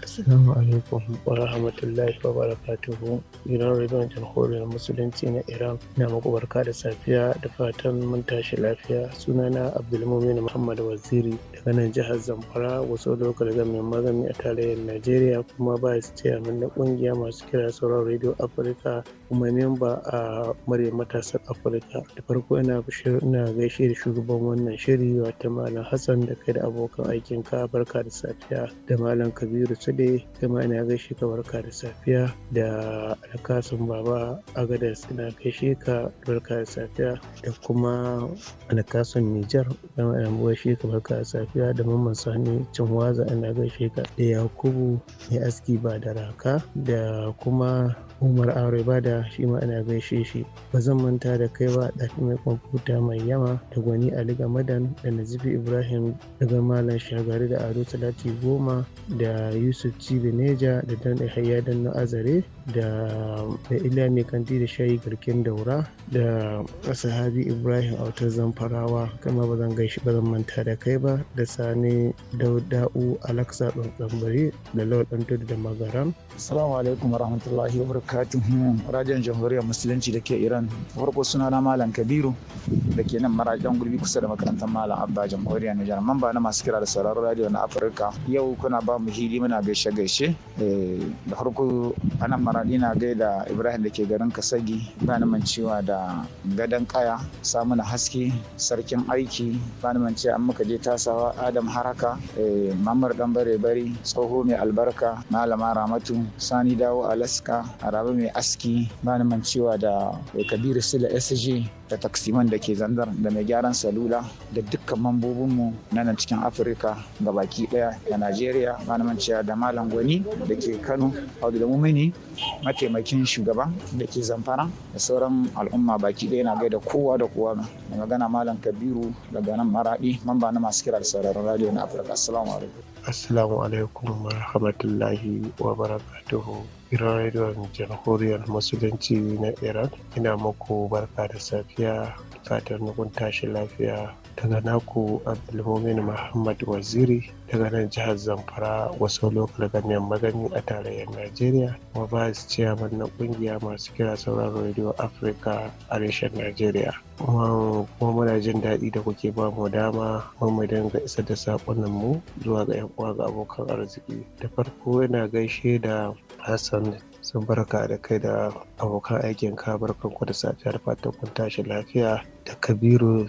Assalamu alaikum wa rahmatullahi wa barakatuhu gidan rediyon jamhuriyar musulunci na Iran na muku barka da safiya da fatan mun tashi lafiya sunana Abdulmumin Muhammad Waziri daga jihar zamfara wasu lokal gamin magani a tarayyar najeriya kuma ba su ciyaman na kungiya masu kira sauran radio afirka kuma memba a mare matasan afirka da farko ina ina gaishe da shugaban wannan shiri wata malam hassan da kai da abokan aikin ka barka da safiya da malam kabiru sude kuma ina gaishe ka barka da safiya da alkasun baba gadar ina gaishe ka barka da safiya da kuma alkasun nijar kuma ina gaishe ka barka da safiya lafiya da mamman sani cinwaza ana gaishe ka da yakubu mai aski ba da raka da kuma umar aure ba da shi ma ana gaishe shi ba zan manta da kai ba da mai kwamfuta mai yama da gwani ali gamadan da nazifi ibrahim daga malam shagari da ado talati goma da yusuf neja da dan hayya dan na azare da mai iliya mai kanti da shayi garkin daura da sahabi ibrahim auta zamfarawa kama ba zan gaishe ba manta da kai ba da sani dauda'u alaksa tsambari da lawal tudu da magaram assalamu alaikum warahmatullahi wabarakatuh rajin jamhuriyar musulunci da ke iran farko suna na malam kabiru da ke nan marajan gurbi kusa da makarantar malam abba jamhuriyar nijar mamba na masu kira da sauraron radio na afirka yau kuna ba mu hili muna gaishe gaishe eh, da farko a nan Muhammad ina da Ibrahim da ke garin Kasagi bani cewa da gadon kaya samuna haske sarkin aiki bani mancewa an muka je tasawa Adam Haraka eh, Mamar dan bare bari tsoho mai albarka malama Ramatu Sani Dawo Alaska Arabe mai aski bani cewa da eh, Kabiru Sila SG da taksiman da ke zandar da mai gyaran salula da dukkan mambobinmu na nan cikin afirka ga baki daya da najeriya cewa da malam gwani da ke kano audu da mumini mataimakin Shugaban, da ke zamfara da sauran al'umma baki ɗaya na gaida kowa da kowa da magana malam kabiru daga nan maraɗi mamba na masu kira da sauraron radio na afirka assalamu alaikum assalamu alaikum wa rahmatullahi wa barakatuhu Iran Rediyon Jamhuriyar Musulunci na Iran ina muku barka da safiya fatan nukun tashi lafiya daga naku abdulmumin muhammad waziri daga nan jihar zamfara wasu lokal ganyen magani a tarayyar najeriya kuma su chairman na kungiya masu kira sauran radio Afirka a reshen najeriya kuma muna jin daɗi da kuke ba mu dama mu dinga isa da saƙonan mu zuwa ga 'yan uwa ga abokan arziki da farko ina gaishe da hassan sun barka da kai da abokan aikin ka barkan da safiyar fatan kun tashi lafiya da kabiru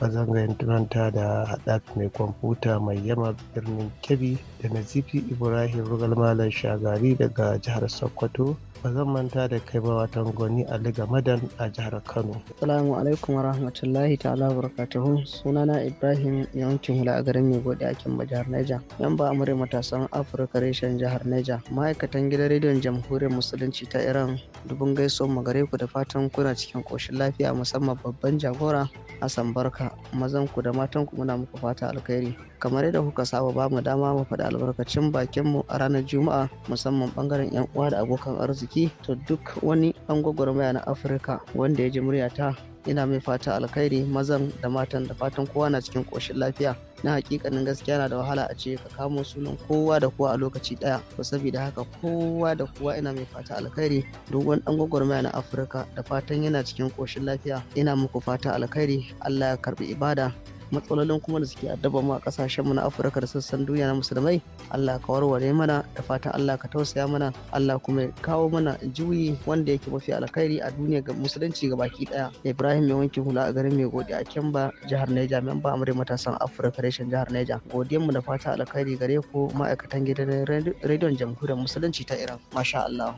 ba zan manta da haɗaf mai kwamfuta mai yama birnin kebbi da nazifi ibrahim Rugalmalam malam shagari daga jihar sokoto ba zan manta da kai ba watan gwani Ali Gamadan a jihar Kano. salamu alaikum wa rahmatullahi ta'ala wa barakatuhu. Sunana Ibrahim yawancin hula a garin Mai Gode akin ba jihar Niger. Yan ba amurai matasan Afirka reshen jihar Niger. Ma'aikatan gidan rediyon Jamhuriyar Musulunci ta Iran dubun gaisuwan magare ku da fatan kuna cikin koshin lafiya musamman babban jagora Hassan Barka. Mazan ku da matan ku muna muku fata alkhairi. Kamar yadda kuka saba ba mu dama mu faɗi albarkacin bakinmu a ranar Juma'a musamman bangaren yan uwa da abokan arziki baki to duk wani ɗan gwagwarmaya na afirka wanda ya ji muryata ina mai fata alkhairi mazan da matan da fatan kowa na cikin koshin lafiya na hakikanin gaskiya na da wahala a ce ka kamo sunan kowa da kowa a lokaci daya to saboda haka kowa da kowa ina mai fata alkhairi duk wani ɗan gwagwarmaya na afirka da fatan yana cikin koshin lafiya ina muku fata alkhairi allah ya karbi ibada matsalolin kuma da suke addaba mu a kasashen mu na Afirka da sassan duniya na musulmai Allah ka warware mana da fatan Allah ka tausaya mana Allah kuma ya kawo mana juyi wanda yake mafi alkhairi a duniya ga musulunci ga baki daya Ibrahim mai wankin hula a garin mai godi a Kemba jihar Neja memba amurai matasan Afirka reshen jihar Neja godiyar mu da fatan alkhairi gare ku ma'aikatan gidan rediyon jamhuriyar musulunci ta Iran masha Allah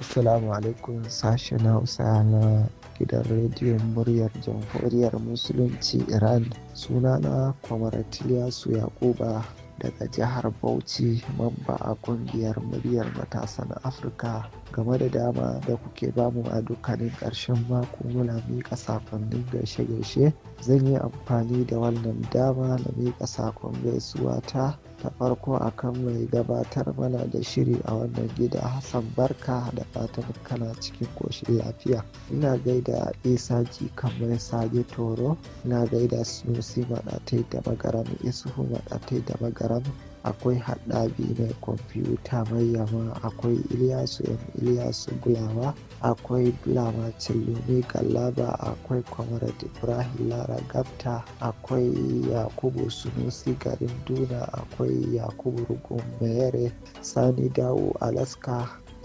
Assalamu alaikum sashen Hausa na gidan rediyon muryar jamhuriyar musulunci iran suna na kwamaratiliya su yakuba daga jihar bauchi mamba a ƙungiyar muryar matasan afirka game da dama da kuke bamu a dukkanin ƙarshen mako muna miƙa sakonnin gaishe-gaishe zan yi amfani da wannan dama na miƙa sakon gaisuwa ta ta farko akan mai gabatar mana da shiri a wannan gida Hassan Barka da fatan kana cikin koshin lafiya. Ina gaida Isa kamar Sage Toro, ina gaida Sunusi Maɗatai da Magaram Isuhu Maɗatai da Magaram akwai haɗabi mai kwamfuta mai yama akwai iliyasu yan iliyasu gulawa akwai bulawa cilomi galaba akwai comrade ibrahim lara gafta akwai yakubu sunusi garin duna akwai yakubu rugun mayere sani dawo alaska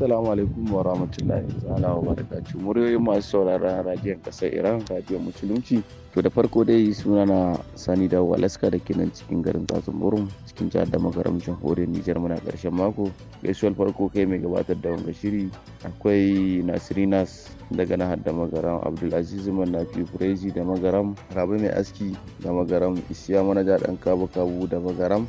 assalamu alaikum wa rahmatullahi ta'ala wa barakatuh muryoyin masu sauraron radiyon kasar iran radiyon musulunci to da farko dai suna na sani da walaska da ke nan cikin garin burum cikin jihar da magaram jamhuriyar nijar muna karshen mako gaisuwar farko kai mai gabatar da wanga shiri akwai nasirinas daga nahar da magaram abdulaziz manafi furezi da magaram rabi mai aski da magaram isiya manaja dan kabu kabu da magaram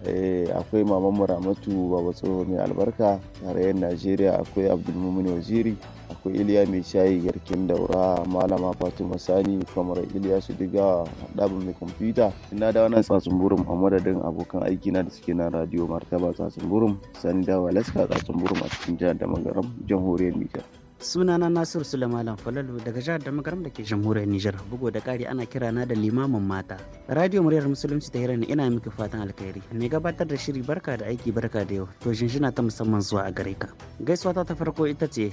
Eh, akwai maman muramatu baba tsoho mai albarka tarayyar najeriya akwai abdulmumin waziri akwai iliya mai shayi garkin daura malama fatima sani kamar iliya su diga ɗabin mai kwamfuta ina da wannan tsatsun burin a madadin abokan aiki na da suke nan radio martaba tsatsun burin sani dawa laska tsatsun burin a cikin jihar damagaram jamhuriyar nijar sunana nasiru sulaiman falalu daga jihar da magaram da ke jamhuriyar nijar bugu da kari ana kira na da limamin mata radio muryar musulunci ta hirar ina miki fatan alkhairi mai gabatar da shiri barka da aiki barka da yau to shinshina ta musamman zuwa a gare ka gaisuwa ta farko ita ce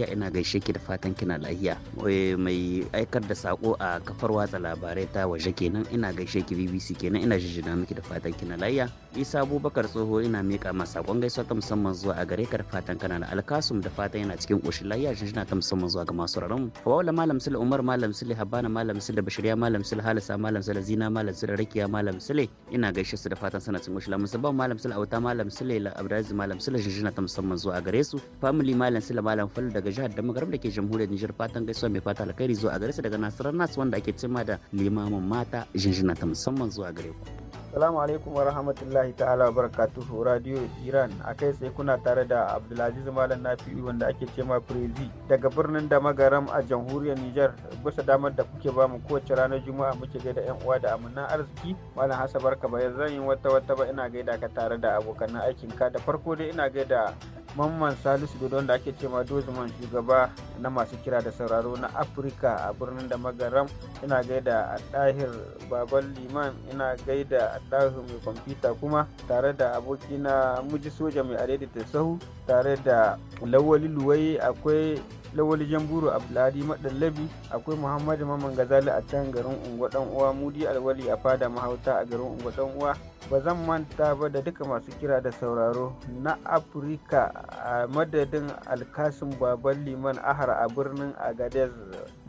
lafiya ina gaishe ki da fatan kina lafiya eh, mai aikar da sako a kafar watsa labarai ta waje kenan ina gaishe ki BBC kenan ina jijjina miki da fatan kina lafiya Isa Abubakar tsoho ina mika ma sakon gaisuwa ta musamman zuwa a gare ka da fatan kana da alkasum da fatan yana cikin koshin lafiya jijjina ta musamman zuwa ga masu raron Hawala Malam Sule Umar Malam Sule Habana Malam Sule Bashiriya Malam Sule Halisa Malam Sule Zina Malam Sule Rakiya Malam Sule ina gaishe su da fatan sana cikin koshin musamman Malam Sule Auta Malam Sule Abdulaziz Malam Sule jijjina ta musamman zuwa a gare su family Malam Sule Malam Fal da daga jihar da magarab da ke jamhuriyar Nijar fatan gaisuwa mai fata alkhairi zuwa gare su daga Nasarar Nasu wanda ake cima da limamin mata jinjina ta musamman zuwa gare ku. Salamu alaikum wa rahmatullahi ta'ala wa barakatuhu Radio Iran a kai sai kuna tare da Abdulaziz Malam Nafi'u wanda ake cema Prezi daga birnin da a jamhuriyar Nijar bisa damar da kuke bamu kowace ranar Juma'a muke da yan uwa da amina arziki Malam Hassan barka ba zan yi wata wata ba ina gaida ka tare da abokan aikin ka da farko dai ina gaida mamman salisu dodon da ake cewa dozman shugaba na masu kira da sauraro na afirka a birnin da magaram ina gaida a ɗahir baban liman ina gaida a ɗahir mai kwamfuta kuma tare da abokina muji soja mai da sahu tare da lawali luwai akwai lawali jamburu abdulladi madallabi akwai muhammadu mamman gazali a can garin unguwa dan uwa mudi alwali a fada mahauta a garin unguwa dan uwa ba zan manta ba da duka masu kira da sauraro na afirka a madadin alkasin baban liman ahar a birnin agadez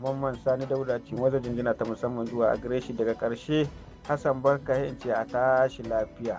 mamman sani dauda ce wajen jinjina ta musamman zuwa a daga karshe hassan barka ce a tashi lafiya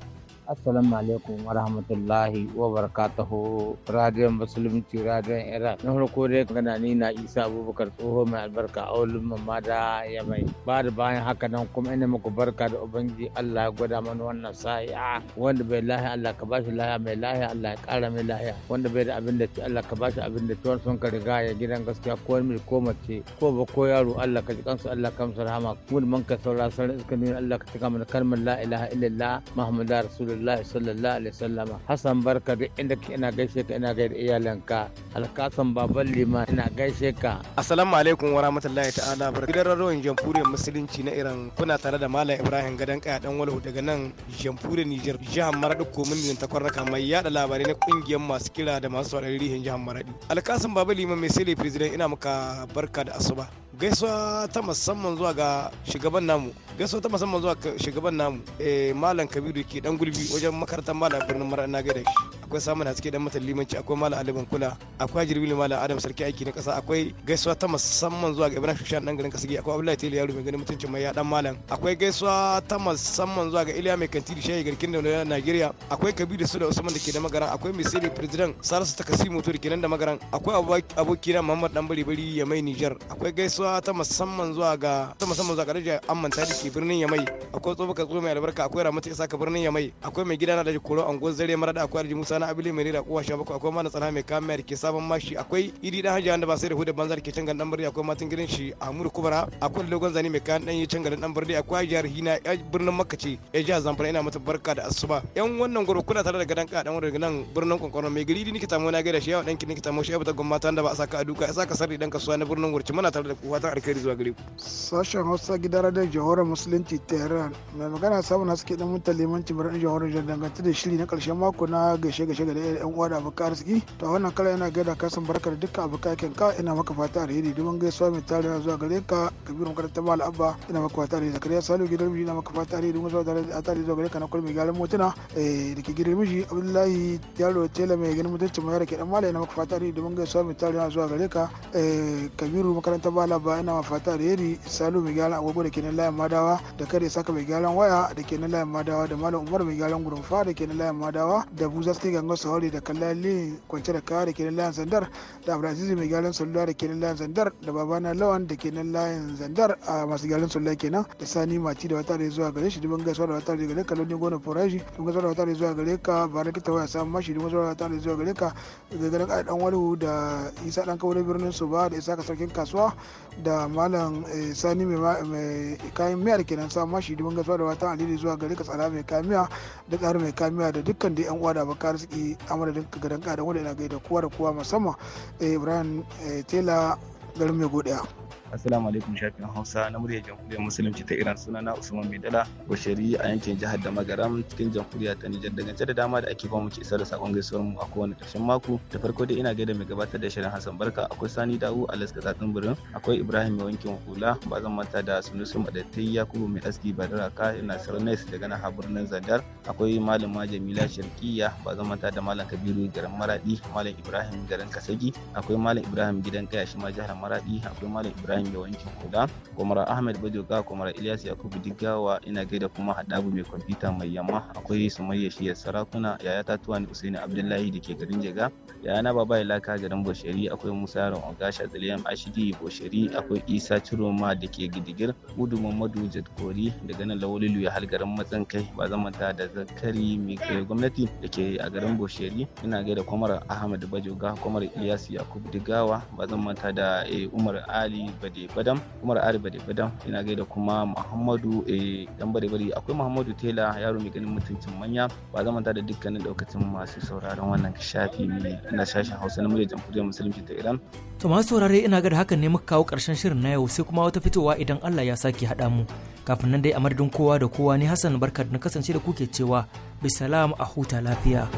assalamu alaikum wa rahmatullahi wa barakatuhu radiyon musulunci radiyon iran na farko dai magana ni na isa abubakar tsoho mai albarka a wulin mamma da ya mai ba da bayan haka nan kuma ina muku barka da ubangi allah ya gwada mana wannan sa'i'a wanda bai lahiya allah ka bashi lahiya mai lahiya allah ya kara mai lahiya wanda bai da abin da ci allah ka bashi abin da ci wani sun ka riga ya gidan gaskiya ko wani ko mace ko ba ko yaro allah ka ji kansu allah ka musu rahama kuma man ka saurara sanar iska nuna allah ka cika mana kalmar la ilaha illallah muhammadu rasulullah rasulullahi sallallahu alaihi wasallama hasan barka duk inda ka ina gaishe ka ina gaida iyalanka alkasan baban lima ina gaishe ka assalamu alaikum wa rahmatullahi ta'ala bar gidan rarrawan jamhuriyar musulunci na iran kuna tare da malam ibrahim gadan kaya dan walhu daga nan jamhuriyar niger jihar maradi ko komin ta kwarraka mai yada labarai na kungiyar masu kira da masu wadannan rihin jihar maradi alkasan baban lima mai sele president ina maka barka da asuba gaisuwa ta musamman zuwa ga shugaban namu gaisuwa ta musamman zuwa ga shugaban namu eh, malam kabiru ke dan gulbi wajen makarantar malam birnin mara na gaida shi akwai samun haske dan mata limanci akwai malam aliban kula akwai jirbil malam adam sarki aiki na kasa akwai gaisuwa ta musamman zuwa ga ibrahim shushan dan garin kasige akwai abdullahi tele yaro mai ganin mutuncin mai ya dan malam akwai gaisuwa ta musamman zuwa ga iliya mai kantiri shayi garkin da nigeria akwai kabiru su da usman da ke da magaran akwai mai sai president salisu ta kasi to da ke da magaran akwai abokina muhammad dan bari bari ya mai niger akwai gaisuwa ta musamman zuwa ga ta musamman zuwa ga rajar amman da ke birnin yamai akwai tsofa mai albarka akwai ramata isa ka birnin yamai akwai mai na daji koro angon zare mara da akwai arji musa maulana abili mai rira kowa shabaku akwai mana tsana mai kamar ke sabon mashi akwai idi dan hajji wanda ba sai da hudu banzar ke can gandan birni akwai matan gidan shi amur kubara akwai logon zani mai kayan dan yi can gandan birni akwai jihar hina ya birnin makka ce ya jihar zamfara ina mata barka da asuba yan wannan gwaro kuna tare da gadan ka dan wurin nan birnin kwankwaron mai gari ni kita mu na gaida shi yawa dan kini kita mu shi ta gwamnati wanda ba a saka a duka ya saka sarri dan kasuwa na birnin wurci muna tare da kuwa ta alkhairi zuwa gare ku sashen hausa gidara da jihohar musulunci tehran mai magana samu na suke dan mutane mutalimanci birnin jihohar jihar dangantar da shiri na karshen mako na gaishe gaishe da yan uwa da abokan arziki to wannan kala yana gaida kasan barkar dukkan abokan ka ina maka fata da alheri domin gaisuwa mai tarewa zuwa gare ka kabiru ta mal abba ina maka fata da zakariya salu gidan miji ina maka fata alheri domin zuwa tare da tare zuwa gare ka na kulmi garin motuna eh, da ke gidan miji abdullahi yaro tela mai ganin mutuncin mai rake dan mal ina maka fata da alheri domin gaisuwa mai tarewa zuwa gare ka eh kabiru makaranta mal abba ina maka fata da alheri salu mai garin agogo da ke nan layin madawa da kare saka mai garin waya da ke nan layin madawa da malam umar mai garin gurumfa da ke nan layin madawa da buza ga ganga sahori da kallali kwance da kaya da ke nan layin zandar da abdulaziz mai gyaran salula da ke nan layin zandar da babana lawan da ke nan layin zandar a masu gyaran salula kenan da sani mati da wata zuwa gare shi dubin gaisuwa da wata gare ka launin gona farashi dubin gaisuwa da wata zuwa gare ka ba na kita waya samun mashi dubin gaisuwa da wata zuwa gare ka gagarin ɗan walihu da isa ɗan kawo birnin su ba da isa ka sarkin kasuwa da malam eh, sani mai kayan miya da kenan sa mashi dubin gasuwa da watan alili zuwa gari ka tsara mai kayan miya da tsara mai kayan miya da dukkan da yan uwa da baka arziki amadadin ka gadan kadan wanda gai da kowa da kowa musamman eh, ibrahim eh, Taylor garin mai godiya. Assalamu alaikum shafin Hausa na muryar jamhuriyar musulunci ta Iran suna na Usman Maidala Bashari a yankin jihar Damagaram cikin jamhuriyar ta Nijar daga da dama da ake bamu ke isar da sakon gaisuwar mu a kowane ƙarshen mako da farko dai ina gaida mai gabatar da shirin Hassan Barka akwai Sani Dawu Alaska Zatin Birin akwai Ibrahim mai wankin hula ba zan manta da Sunusu Madattai Yakubu mai aski Badaraka ina Sarnes daga na birnin Zandar akwai Malama Jamila Shirkiya ba zan manta da Malam Kabiru garin Maradi Malam Ibrahim garin Kasagi akwai Malam Ibrahim gidan Kaya shi ma jihar Maradi akwai Malam Ibrahim Ibrahim mai wankin hula, Kwamara Ahmed Bajoga, Kwamara Ilyas Yakubu Digawa, ina gaida kuma hadabu mai kwamfuta mai yamma, akwai Sumayya Shiyar Sarakuna, yaya Tatuwan Usaini Abdullahi da ke garin Jega, yaya na Baba Ilaka garin Bosheri, akwai Musa Yaron Ogasha Zaliyam Ashidi Bosheri, akwai Isa Ciroma da ke Gidigir, Udu Mamadu Jadkori daga nan Lawalilu ya hal garin Matsan Kai, ba zamanta da Zakari mai gwamnati da ke a garin Bosheri, ina gaida Kwamara Ahmed Bajoga, Kwamara Ilyas Yakubu Digawa, ba zan manta da eh, Umar Ali ba bade badam umar ari bade badam ina gaida kuma muhammadu eh dan bade bade akwai muhammadu tela yaro mai ganin mutuncin manya ba zamanta da dukkanin daukacin masu sauraron wannan shafi ne ina sashen hausa na muryar jamhuriyar musulunci ta iran to masu saurare ina ga da hakan ne muka kawo karshen shirin na yau sai kuma wata fitowa idan allah ya sake haɗa mu kafin nan dai a madadin kowa da kowa ne hassan barkat na kasance da kuke cewa bisalam a huta lafiya.